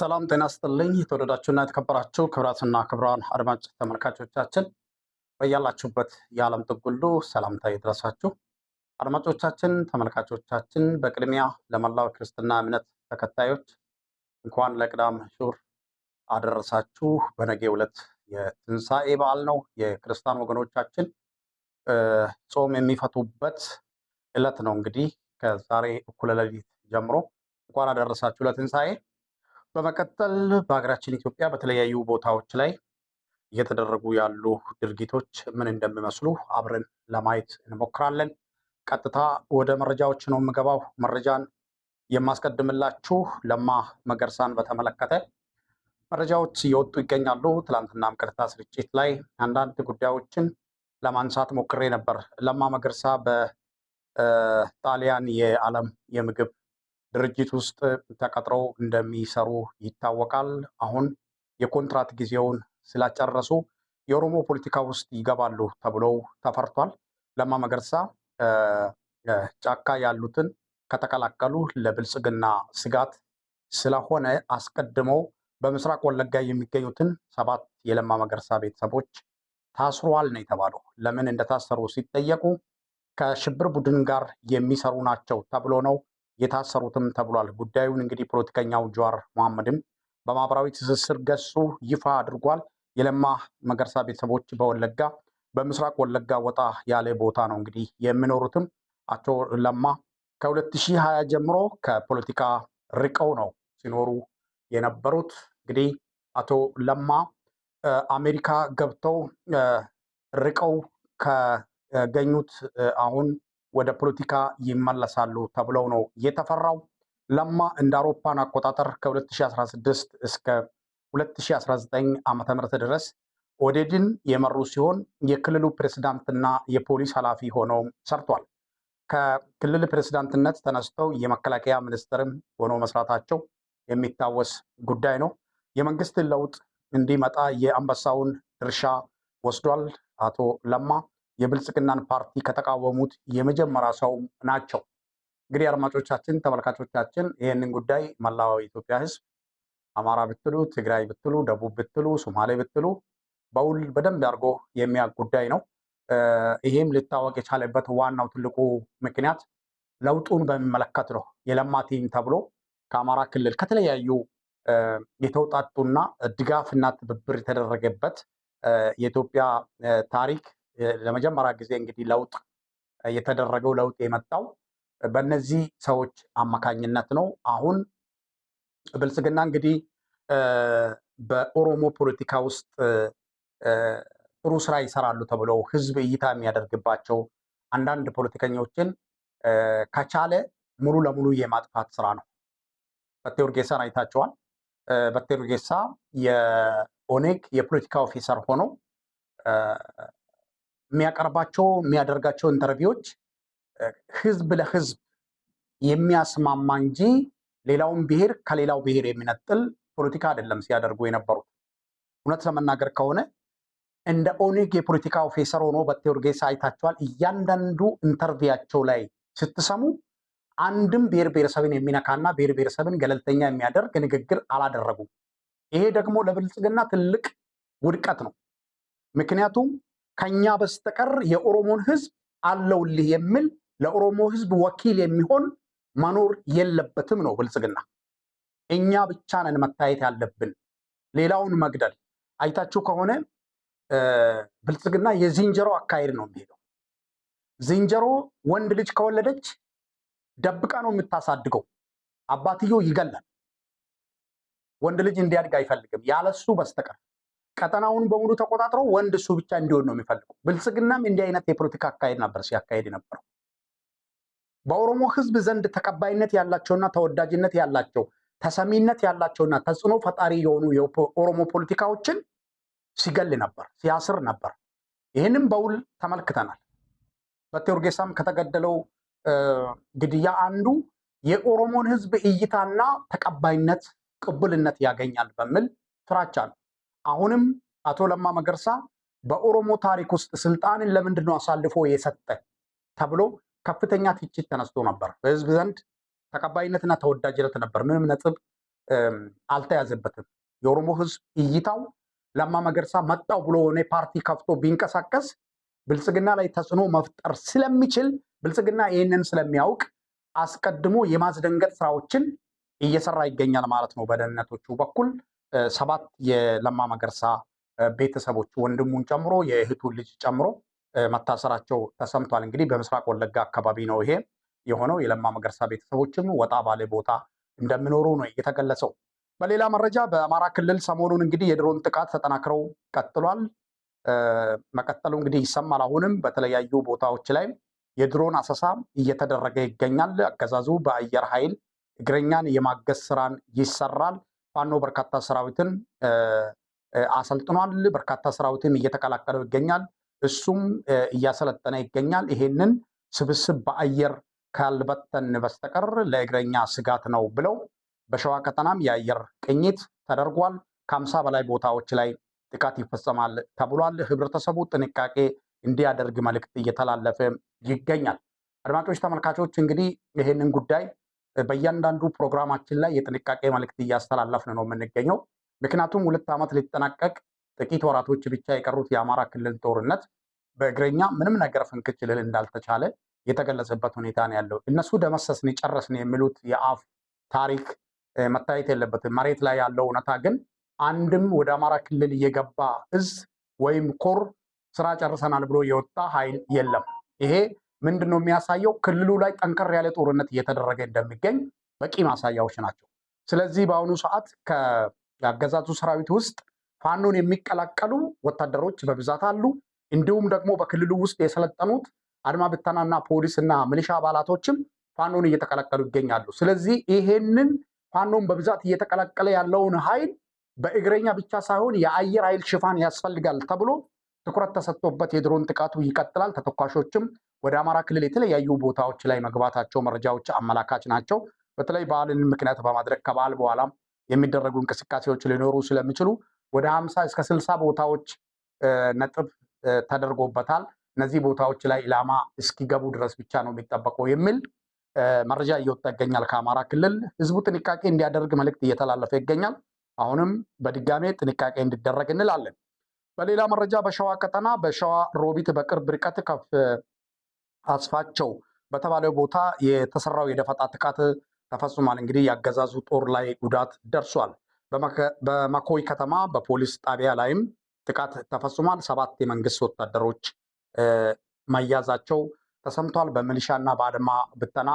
ሰላም ጤና ስጥልኝ። የተወደዳችሁና የተከበራችሁ ክብራትና ክብራን አድማጭ ተመልካቾቻችን በያላችሁበት የዓለም ጥጉሉ ሰላምታ ይድረሳችሁ። አድማጮቻችን፣ ተመልካቾቻችን በቅድሚያ ለመላው ክርስትና እምነት ተከታዮች እንኳን ለቅዳም ሹር አደረሳችሁ። በነገው ዕለት የትንሣኤ በዓል ነው። የክርስቲያን ወገኖቻችን ጾም የሚፈቱበት ዕለት ነው። እንግዲህ ከዛሬ እኩለ ሌሊት ጀምሮ እንኳን አደረሳችሁ ለትንሣኤ በመቀጠል በሀገራችን ኢትዮጵያ በተለያዩ ቦታዎች ላይ እየተደረጉ ያሉ ድርጊቶች ምን እንደሚመስሉ አብረን ለማየት እንሞክራለን። ቀጥታ ወደ መረጃዎች ነው የምገባው። መረጃን የማስቀድምላችሁ ለማ መገርሳን በተመለከተ መረጃዎች እየወጡ ይገኛሉ። ትላንትናም ቀጥታ ስርጭት ላይ አንዳንድ ጉዳዮችን ለማንሳት ሞክሬ ነበር። ለማ መገርሳ በጣሊያን የዓለም የምግብ ድርጅት ውስጥ ተቀጥረው እንደሚሰሩ ይታወቃል። አሁን የኮንትራት ጊዜውን ስላጨረሱ የኦሮሞ ፖለቲካ ውስጥ ይገባሉ ተብለው ተፈርቷል። ለማ መገርሳ ጫካ ያሉትን ከተቀላቀሉ ለብልጽግና ስጋት ስለሆነ አስቀድመው በምስራቅ ወለጋ የሚገኙትን ሰባት የለማ መገርሳ ቤተሰቦች ታስሯል ነው የተባለው። ለምን እንደታሰሩ ሲጠየቁ ከሽብር ቡድን ጋር የሚሰሩ ናቸው ተብሎ ነው የታሰሩትም ተብሏል። ጉዳዩን እንግዲህ ፖለቲከኛው ጀዋር መሐመድም በማህበራዊ ትስስር ገጹ ይፋ አድርጓል። የለማ መገርሳ ቤተሰቦች በወለጋ በምስራቅ ወለጋ ወጣ ያለ ቦታ ነው እንግዲህ የሚኖሩትም አቶ ለማ ከ2020 ጀምሮ ከፖለቲካ ርቀው ነው ሲኖሩ የነበሩት። እንግዲህ አቶ ለማ አሜሪካ ገብተው ርቀው ከገኙት አሁን ወደ ፖለቲካ ይመለሳሉ ተብለው ነው የተፈራው። ለማ እንደ አውሮፓን አቆጣጠር ከ2016 እስከ 2019 ዓ.ም ድረስ ኦዴድን የመሩ ሲሆን የክልሉ ፕሬዝዳንትና የፖሊስ ኃላፊ ሆነው ሰርቷል። ከክልል ፕሬዝዳንትነት ተነስተው የመከላከያ ሚኒስትርም ሆኖ መስራታቸው የሚታወስ ጉዳይ ነው። የመንግስት ለውጥ እንዲመጣ የአንበሳውን ድርሻ ወስዷል አቶ ለማ። የብልጽግናን ፓርቲ ከተቃወሙት የመጀመሪያ ሰው ናቸው። እንግዲህ አድማጮቻችን፣ ተመልካቾቻችን ይህንን ጉዳይ መላው ኢትዮጵያ ሕዝብ አማራ ብትሉ፣ ትግራይ ብትሉ፣ ደቡብ ብትሉ፣ ሶማሌ ብትሉ በውል በደንብ አድርጎ የሚያውቅ ጉዳይ ነው። ይህም ሊታወቅ የቻለበት ዋናው ትልቁ ምክንያት ለውጡን በሚመለከት ነው። የለማ ቲም ተብሎ ከአማራ ክልል ከተለያዩ የተውጣጡና ድጋፍና ትብብር የተደረገበት የኢትዮጵያ ታሪክ ለመጀመሪያ ጊዜ እንግዲህ ለውጥ የተደረገው ለውጥ የመጣው በእነዚህ ሰዎች አማካኝነት ነው። አሁን ብልጽግና እንግዲህ በኦሮሞ ፖለቲካ ውስጥ ጥሩ ስራ ይሰራሉ ተብለው ህዝብ እይታ የሚያደርግባቸው አንዳንድ ፖለቲከኞችን ከቻለ ሙሉ ለሙሉ የማጥፋት ስራ ነው። በቴ ኡርጌሳን አይታቸዋል። በቴ ኡርጌሳ የኦኔግ የፖለቲካ ኦፊሰር ሆኖ የሚያቀርባቸው የሚያደርጋቸው ኢንተርቪዎች ህዝብ ለህዝብ የሚያስማማ እንጂ ሌላውን ብሔር ከሌላው ብሔር የሚነጥል ፖለቲካ አይደለም ሲያደርጉ የነበሩት። እውነት ለመናገር ከሆነ እንደ ኦነግ የፖለቲካ ኦፊሰር ሆኖ በቴ ኡርጌሳ አይታቸዋል። እያንዳንዱ ኢንተርቪያቸው ላይ ስትሰሙ አንድም ብሔር ብሔረሰብን የሚነካና ብሔር ብሔረሰብን ገለልተኛ የሚያደርግ ንግግር አላደረጉም። ይሄ ደግሞ ለብልጽግና ትልቅ ውድቀት ነው። ምክንያቱም ከኛ በስተቀር የኦሮሞን ህዝብ አለውልህ የሚል ለኦሮሞ ህዝብ ወኪል የሚሆን መኖር የለበትም ነው ብልጽግና። እኛ ብቻ ነን መታየት ያለብን፣ ሌላውን መግደል። አይታችሁ ከሆነ ብልጽግና የዝንጀሮ አካሄድ ነው የሚሄደው። ዝንጀሮ ወንድ ልጅ ከወለደች ደብቃ ነው የምታሳድገው። አባትየው ይገላል። ወንድ ልጅ እንዲያድግ አይፈልግም ያለሱ በስተቀር ቀጠናውን በሙሉ ተቆጣጥሮ ወንድ እሱ ብቻ እንዲሆን ነው የሚፈልገው። ብልጽግናም እንዲህ አይነት የፖለቲካ አካሄድ ነበር ሲያካሄድ የነበረው። በኦሮሞ ህዝብ ዘንድ ተቀባይነት ያላቸውና ተወዳጅነት ያላቸው ተሰሚነት ያላቸውና ተጽዕኖ ፈጣሪ የሆኑ የኦሮሞ ፖለቲካዎችን ሲገል ነበር፣ ሲያስር ነበር። ይህንም በውል ተመልክተናል። በቴ ኡርጌሳም ከተገደለው ግድያ አንዱ የኦሮሞን ህዝብ እይታና ተቀባይነት ቅብልነት ያገኛል በሚል ፍራቻ ነው። አሁንም አቶ ለማ መገርሳ በኦሮሞ ታሪክ ውስጥ ስልጣንን ለምንድን ነው አሳልፎ የሰጠ ተብሎ ከፍተኛ ትችት ተነስቶ ነበር። በህዝብ ዘንድ ተቀባይነትና ተወዳጅነት ነበር። ምንም ነጥብ አልተያዘበትም። የኦሮሞ ህዝብ እይታው ለማ መገርሳ መጣው ብሎ የሆነ ፓርቲ ከፍቶ ቢንቀሳቀስ ብልጽግና ላይ ተጽዕኖ መፍጠር ስለሚችል ብልጽግና ይህንን ስለሚያውቅ አስቀድሞ የማስደንገጥ ስራዎችን እየሰራ ይገኛል ማለት ነው በደህንነቶቹ በኩል። ሰባት የለማ መገርሳ ቤተሰቦች ወንድሙን ጨምሮ የእህቱን ልጅ ጨምሮ መታሰራቸው ተሰምቷል። እንግዲህ በምስራቅ ወለጋ አካባቢ ነው ይሄ የሆነው። የለማ መገርሳ ቤተሰቦችም ወጣ ባለ ቦታ እንደሚኖሩ ነው የተገለጸው። በሌላ መረጃ በአማራ ክልል ሰሞኑን እንግዲህ የድሮን ጥቃት ተጠናክረው ቀጥሏል። መቀጠሉ እንግዲህ ይሰማል። አሁንም በተለያዩ ቦታዎች ላይ የድሮን አሰሳ እየተደረገ ይገኛል። አገዛዙ በአየር ኃይል እግረኛን የማገዝ ስራን ይሰራል። ፋኖ በርካታ ሰራዊትን አሰልጥኗል። በርካታ ሰራዊትን እየተቀላቀለው ይገኛል። እሱም እያሰለጠነ ይገኛል። ይሄንን ስብስብ በአየር ካልበተን በስተቀር ለእግረኛ ስጋት ነው ብለው በሸዋ ቀጠናም የአየር ቅኝት ተደርጓል። ከአምሳ በላይ ቦታዎች ላይ ጥቃት ይፈጸማል ተብሏል። ህብረተሰቡ ጥንቃቄ እንዲያደርግ መልእክት እየተላለፈ ይገኛል። አድማጮች ተመልካቾች፣ እንግዲህ ይህንን ጉዳይ በእያንዳንዱ ፕሮግራማችን ላይ የጥንቃቄ መልእክት እያስተላለፍን ነው የምንገኘው። ምክንያቱም ሁለት ዓመት ሊጠናቀቅ ጥቂት ወራቶች ብቻ የቀሩት የአማራ ክልል ጦርነት በእግረኛ ምንም ነገር ፍንክች ልል እንዳልተቻለ የተገለጸበት ሁኔታ ነው ያለው። እነሱ ደመሰስን ጨረስን የሚሉት የአፍ ታሪክ መታየት የለበትም። መሬት ላይ ያለው እውነታ ግን አንድም ወደ አማራ ክልል እየገባ እዝ ወይም ኮር ስራ ጨርሰናል ብሎ የወጣ ኃይል የለም። ይሄ ምንድን ነው የሚያሳየው? ክልሉ ላይ ጠንከር ያለ ጦርነት እየተደረገ እንደሚገኝ በቂ ማሳያዎች ናቸው። ስለዚህ በአሁኑ ሰዓት ከአገዛዙ ሰራዊት ውስጥ ፋኖን የሚቀላቀሉ ወታደሮች በብዛት አሉ። እንዲሁም ደግሞ በክልሉ ውስጥ የሰለጠኑት አድማ ብተናና ፖሊስ እና ሚሊሻ አባላቶችም ፋኖን እየተቀላቀሉ ይገኛሉ። ስለዚህ ይሄንን ፋኖን በብዛት እየተቀላቀለ ያለውን ኃይል በእግረኛ ብቻ ሳይሆን የአየር ኃይል ሽፋን ያስፈልጋል ተብሎ ትኩረት ተሰጥቶበት የድሮን ጥቃቱ ይቀጥላል። ተተኳሾችም ወደ አማራ ክልል የተለያዩ ቦታዎች ላይ መግባታቸው መረጃዎች አመላካች ናቸው። በተለይ በዓልን ምክንያት በማድረግ ከበዓል በኋላ የሚደረጉ እንቅስቃሴዎች ሊኖሩ ስለሚችሉ ወደ ሀምሳ እስከ ስልሳ ቦታዎች ነጥብ ተደርጎበታል። እነዚህ ቦታዎች ላይ ኢላማ እስኪገቡ ድረስ ብቻ ነው የሚጠበቀው የሚል መረጃ እየወጣ ይገኛል። ከአማራ ክልል ህዝቡ ጥንቃቄ እንዲያደርግ መልእክት እየተላለፈ ይገኛል። አሁንም በድጋሜ ጥንቃቄ እንዲደረግ እንላለን። በሌላ መረጃ በሸዋ ቀጠና በሸዋ ሮቢት በቅርብ ርቀት አስፋቸው በተባለው ቦታ የተሰራው የደፈጣ ጥቃት ተፈጽሟል። እንግዲህ የአገዛዙ ጦር ላይ ጉዳት ደርሷል። በመኮይ ከተማ በፖሊስ ጣቢያ ላይም ጥቃት ተፈጽሟል። ሰባት የመንግስት ወታደሮች መያዛቸው ተሰምቷል። በሚሊሻና በአድማ ብተና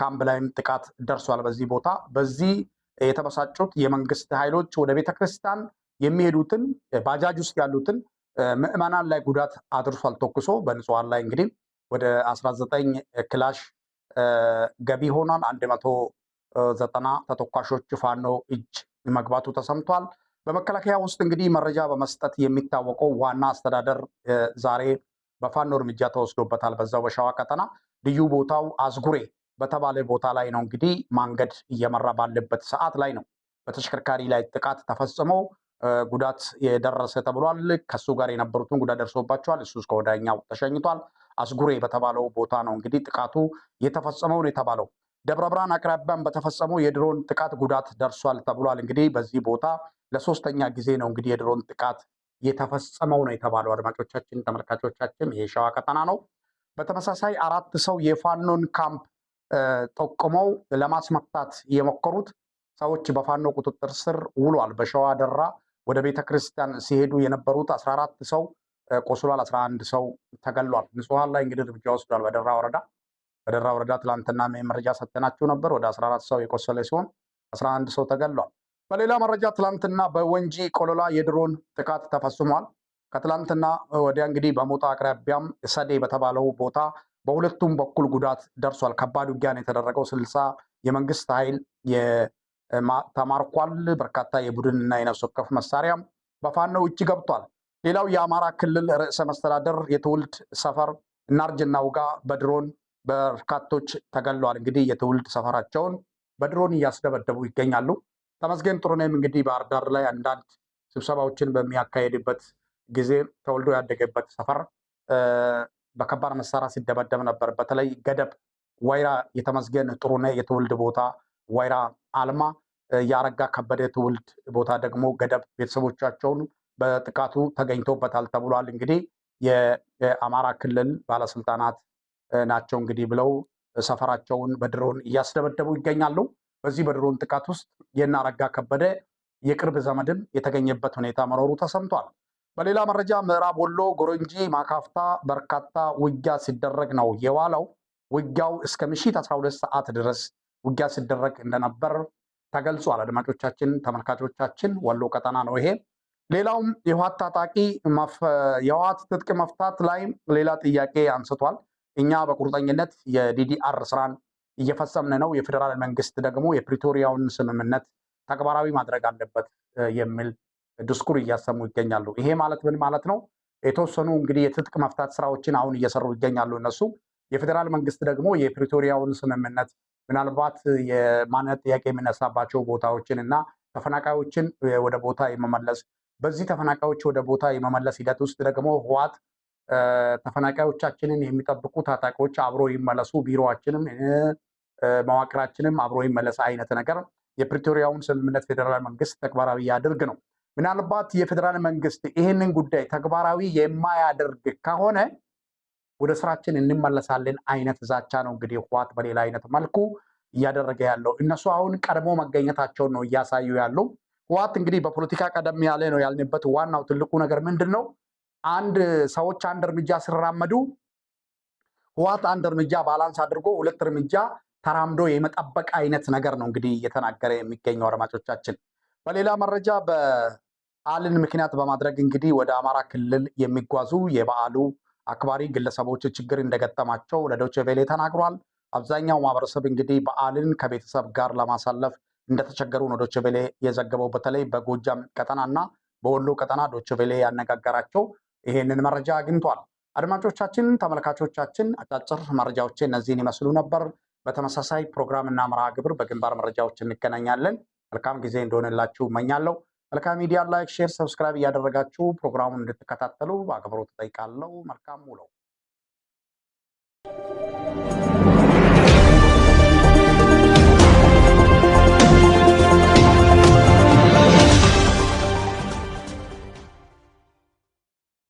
ካምፕ ላይም ጥቃት ደርሷል። በዚህ ቦታ በዚህ የተበሳጩት የመንግስት ኃይሎች ወደ ቤተክርስቲያን የሚሄዱትን ባጃጅ ውስጥ ያሉትን ምዕመናን ላይ ጉዳት አድርሷል። ተኩሶ በንጹሐን ላይ እንግዲህ ወደ 19 ክላሽ ገቢ ሆኗል። 190 ተተኳሾች ፋኖ እጅ መግባቱ ተሰምቷል። በመከላከያ ውስጥ እንግዲህ መረጃ በመስጠት የሚታወቀው ዋና አስተዳደር ዛሬ በፋኖ እርምጃ ተወስዶበታል። በዛው በሸዋ ቀጠና ልዩ ቦታው አዝጉሬ በተባለ ቦታ ላይ ነው እንግዲህ ማንገድ እየመራ ባለበት ሰዓት ላይ ነው በተሽከርካሪ ላይ ጥቃት ተፈጽሞ ጉዳት የደረሰ ተብሏል። ከሱ ጋር የነበሩትን ጉዳት ደርሶባቸዋል። እሱ እስከ ወዳኛው ተሸኝቷል። አስጉሬ በተባለው ቦታ ነው እንግዲህ ጥቃቱ የተፈጸመው ነው የተባለው። ደብረ ብርሃን አቅራቢያም በተፈጸመው የድሮን ጥቃት ጉዳት ደርሷል ተብሏል። እንግዲህ በዚህ ቦታ ለሶስተኛ ጊዜ ነው እንግዲህ የድሮን ጥቃት የተፈጸመው ነው የተባለው። አድማጮቻችን፣ ተመልካቾቻችን ይሄ ሸዋ ቀጠና ነው። በተመሳሳይ አራት ሰው የፋኖን ካምፕ ጠቁመው ለማስመታት የሞከሩት ሰዎች በፋኖ ቁጥጥር ስር ውሏል። በሸዋ ደራ ወደ ቤተ ክርስቲያን ሲሄዱ የነበሩት አስራ አራት ሰው ቆስሏል። 11 ሰው ተገሏል። ንጹሐን ላይ እንግዲህ እርምጃ ወስዷል። በደራ ወረዳ በደራ ወረዳ ትላንትና መረጃ ሰጥተናችሁ ነበር። ወደ 14 ሰው የቆሰለ ሲሆን 11 ሰው ተገሏል። በሌላ መረጃ ትላንትና በወንጂ ቆሎላ የድሮን ጥቃት ተፈጽሟል። ከትላንትና ወዲያ እንግዲህ በሞጣ አቅራቢያም ሰዴ በተባለው ቦታ በሁለቱም በኩል ጉዳት ደርሷል። ከባድ ውጊያ ነው የተደረገው። ስልሳ የመንግስት ኃይል ተማርኳል። በርካታ የቡድንና የነፍስ ወከፍ መሳሪያም በፋኖ እጅ ገብቷል። ሌላው የአማራ ክልል ርዕሰ መስተዳደር የትውልድ ሰፈር እናርጅና ውጋ በድሮን በርካቶች ተገሏል። እንግዲህ የትውልድ ሰፈራቸውን በድሮን እያስደበደቡ ይገኛሉ። ተመስገን ጥሩኔም እንግዲህ ባህር ዳር ላይ አንዳንድ ስብሰባዎችን በሚያካሄድበት ጊዜ ተወልዶ ያደገበት ሰፈር በከባድ መሳሪያ ሲደበደብ ነበር። በተለይ ገደብ ወይራ የተመስገን ጥሩኔ የትውልድ ቦታ ወይራ አልማ፣ የአረጋ ከበደ የትውልድ ቦታ ደግሞ ገደብ ቤተሰቦቻቸውን በጥቃቱ ተገኝቶበታል ተብሏል። እንግዲህ የአማራ ክልል ባለስልጣናት ናቸው እንግዲህ ብለው ሰፈራቸውን በድሮን እያስደበደቡ ይገኛሉ። በዚህ በድሮን ጥቃት ውስጥ የእናረጋ ከበደ የቅርብ ዘመድም የተገኘበት ሁኔታ መኖሩ ተሰምቷል። በሌላ መረጃ ምዕራብ ወሎ ጎረንጂ ማካፍታ በርካታ ውጊያ ሲደረግ ነው የዋለው። ውጊያው እስከ ምሽት 12 ሰዓት ድረስ ውጊያ ሲደረግ እንደነበር ተገልጿል። አድማጮቻችን፣ ተመልካቾቻችን ወሎ ቀጠና ነው ይሄ። ሌላውም የህዋት ታጣቂ የህዋት ትጥቅ መፍታት ላይ ሌላ ጥያቄ አንስቷል። እኛ በቁርጠኝነት የዲዲአር ስራን እየፈጸምን ነው፣ የፌዴራል መንግስት ደግሞ የፕሪቶሪያውን ስምምነት ተግባራዊ ማድረግ አለበት የሚል ድስኩር እያሰሙ ይገኛሉ። ይሄ ማለት ምን ማለት ነው? የተወሰኑ እንግዲህ የትጥቅ መፍታት ስራዎችን አሁን እየሰሩ ይገኛሉ እነሱ። የፌዴራል መንግስት ደግሞ የፕሪቶሪያውን ስምምነት ምናልባት የማንነት ጥያቄ የሚነሳባቸው ቦታዎችን እና ተፈናቃዮችን ወደ ቦታ የመመለስ በዚህ ተፈናቃዮች ወደ ቦታ የመመለስ ሂደት ውስጥ ደግሞ ህወሓት ተፈናቃዮቻችንን የሚጠብቁ ታጣቂዎች አብሮ ይመለሱ፣ ቢሮዋችንም መዋቅራችንም አብሮ ይመለስ አይነት ነገር የፕሪቶሪያውን ስምምነት ፌዴራል መንግስት ተግባራዊ ያድርግ ነው። ምናልባት የፌዴራል መንግስት ይህንን ጉዳይ ተግባራዊ የማያደርግ ከሆነ ወደ ስራችን እንመለሳለን አይነት ዛቻ ነው እንግዲህ ህወሓት በሌላ አይነት መልኩ እያደረገ ያለው። እነሱ አሁን ቀድሞ መገኘታቸውን ነው እያሳዩ ያሉ። ህወሓት እንግዲህ በፖለቲካ ቀደም ያለ ነው ያልንበት ዋናው ትልቁ ነገር ምንድን ነው? አንድ ሰዎች አንድ እርምጃ ሲራመዱ ህወሓት አንድ እርምጃ ባላንስ አድርጎ ሁለት እርምጃ ተራምዶ የመጠበቅ አይነት ነገር ነው እንግዲህ እየተናገረ የሚገኘው አድማጮቻችን። በሌላ መረጃ በዓልን ምክንያት በማድረግ እንግዲህ ወደ አማራ ክልል የሚጓዙ የበዓሉ አክባሪ ግለሰቦች ችግር እንደገጠማቸው ለዶቼ ቬሌ ተናግሯል። አብዛኛው ማህበረሰብ እንግዲህ በዓልን ከቤተሰብ ጋር ለማሳለፍ እንደተቸገሩ ነው ዶችቬሌ የዘገበው። በተለይ በጎጃም ቀጠናና በወሎ ቀጠና ዶችቬሌ ያነጋገራቸው ይሄንን መረጃ አግኝቷል። አድማጮቻችን፣ ተመልካቾቻችን አጫጭር መረጃዎች እነዚህን ይመስሉ ነበር። በተመሳሳይ ፕሮግራም እና መርሃ ግብር በግንባር መረጃዎች እንገናኛለን። መልካም ጊዜ እንደሆነላችሁ እመኛለሁ። መልካም ሚዲያ ላይክ፣ ሼር፣ ሰብስክራይብ እያደረጋችሁ ፕሮግራሙን እንድትከታተሉ በአክብሮት እጠይቃለሁ። መልካም ውለው